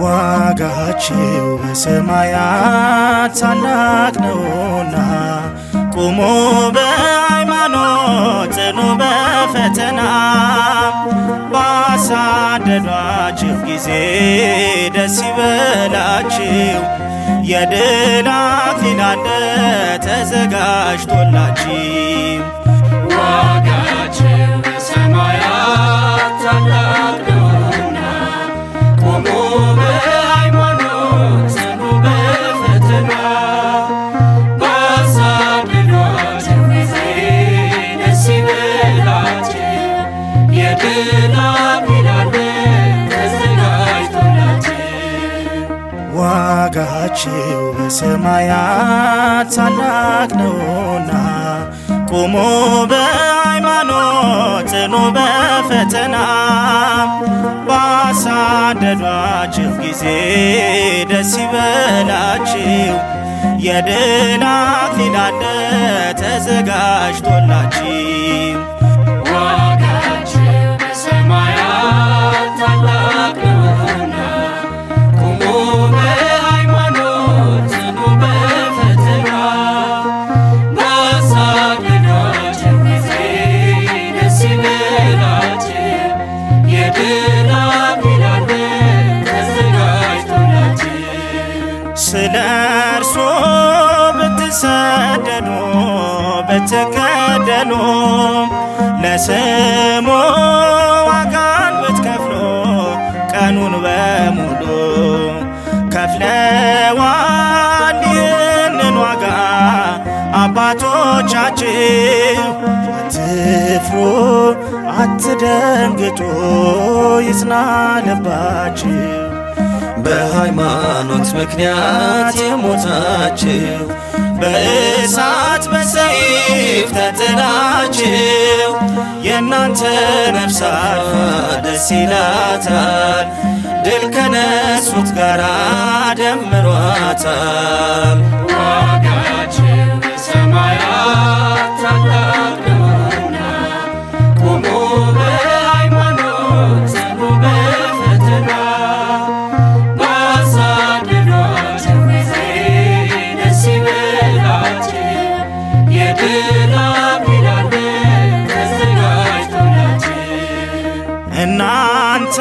ዋጋችው በሰማያት ታላቅ ነውና ቁሙ በሃይማኖት ጽኑ በፈተና ባሳደዷችሁ ጊዜ ደስ ይበላችሁ የድል አክሊል አለ ተዘጋጅቶላችሁ ስማችሁ በሰማያት ታላቅ ነውና ቁሙ በሃይማኖት ጽኑ በፈተና ባሳደዷችሁ ጊዜ ደስ ይበላችሁ የድል አክሊል አለ ተዘጋጅቶላችሁ ዋጋችሁ በሰማያት ታላቅ ነው ስለ እርሶ ብትሰደዱ ብትገደሉ ለስሙ ዋጋን ብትከፍሉ ቀኑን በሙሉ ከፍለዋል ይህንን ዋጋ አባቶቻችን። አትፍሩ፣ አትደንግጡ፣ ይጽና ልባችሁ በሃይማኖት ምክንያት የሞታችው በእሳት በሰይፍ ተጥላችሁ የእናንተ ነፍሳ ደስ ይላታል፣ ድል ከነሱት ጋር ደምሯታል። እናንተ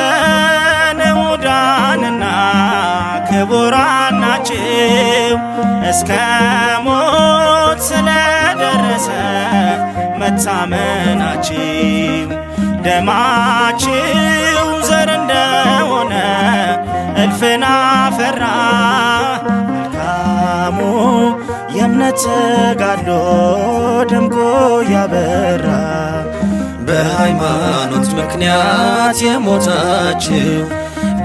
ውዳንና ክቡራን ናችሁ እስከ ሞት ስለደረሰ መታመናችሁ ደማችሁ ዘር እንደሆነ እልፍና አፈራ መልካሙ የእምነት ተጋድሎ ያበራ በሃይማኖት ምክንያት የሞታችው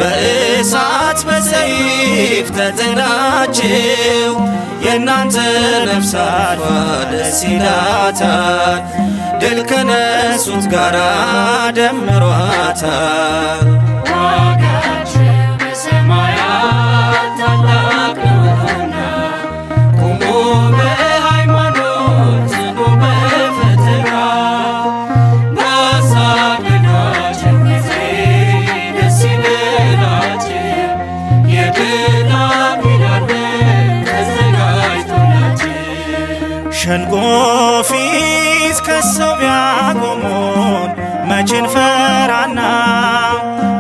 በእሳት በሰይፍ ተጠናችው የእናንተ ነፍስ አልፋ ደስ ይላታል ድል ከነሱት ጋራ ደምሯታል ሸንጎ ፊት ከሰው ቢያቆሙን መች እንፈራና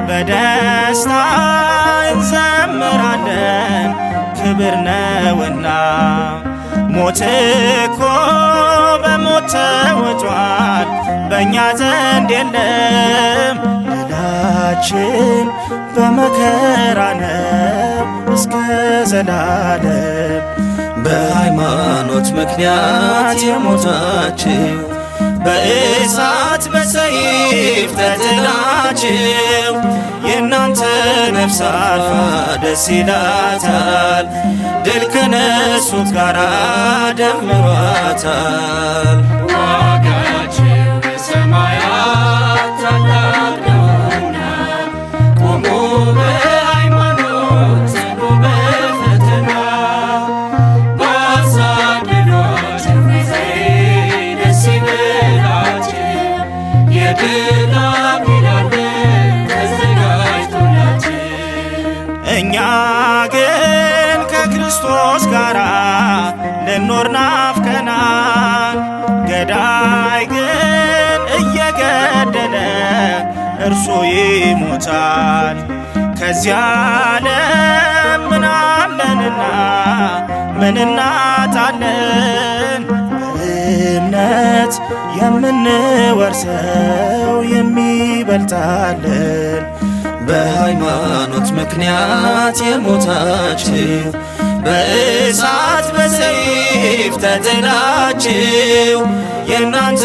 በደስታ እንዘምራለን ክብር ነውና። ሞት እኮ በሞት ተወቷል፣ በእኛ ዘንድ የለም ድላችን በመከራ ነው እስከ ዘላለም በሃይማኖት ምክንያት የሞታችሁ በእሳት በሰይፍ ተጥላችሁ የእናንተ ነፍስ አርፋ ደስ ይላታል። ድል ከነሱት ጋራ ደምሯታል። ስንኖር ናፍቀናል። ገዳይ ግን እየገደለ እርሱ ይሞታል። ከዚያ ዓለም ምናለንና ምን እናጣለን? በእምነት የምንወርሰው የሚበልጣለን በሃይማኖት ምክንያት የሞታችው በእሳ በሰይፍ ተጠላችው የእናንተ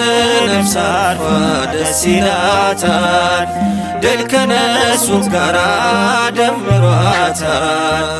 ነፍስ አርፋ ደስ ይላታል። ድል ከነሱት ጋራ ደምሯታል።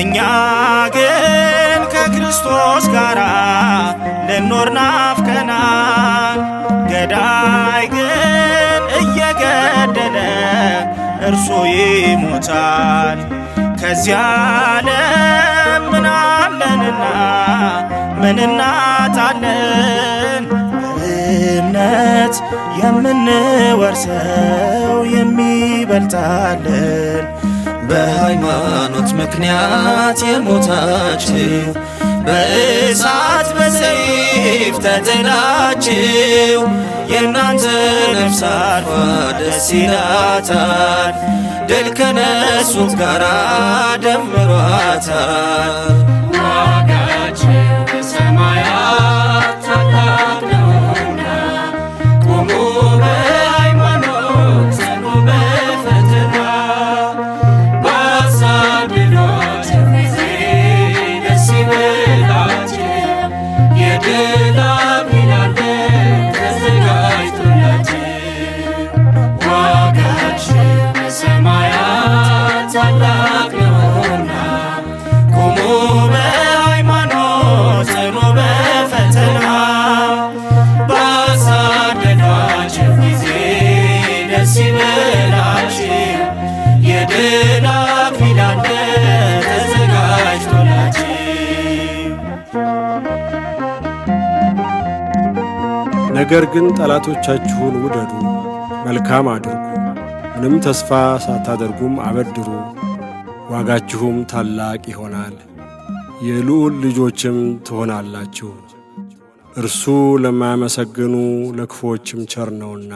እኛ ግን ከክርስቶስ ጋር ልኖር ናፍቀናል። ገዳይ ግን እየገደለ እርሱ ይሞታል። ከዚያ ዓለም ምናለንና ምን እናጣለን? በእምነት የምንወርሰው የሚበልጣለን በሃይማኖት ምክንያት የሞታችሁ በእሳት በሰይፍ ተጠላችሁ የእናንተ ነፍስ አርፋ ደስ ይላታል። ድል ጋራ ደምሯታል። ነገር ግን ጠላቶቻችሁን ውደዱ፣ መልካም አድርጉ፣ ምንም ተስፋ ሳታደርጉም አበድሩ፣ ዋጋችሁም ታላቅ ይሆናል፣ የልዑል ልጆችም ትሆናላችሁ። እርሱ ለማያመሰግኑ ለክፎችም ቸር ነውና።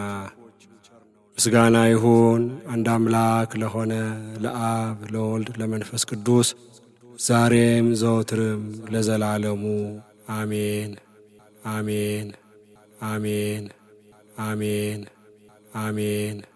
ምስጋና ይሁን አንድ አምላክ ለሆነ ለአብ ለወልድ ለመንፈስ ቅዱስ ዛሬም ዘወትርም ለዘላለሙ አሜን አሜን። Amen. Amen. Amen.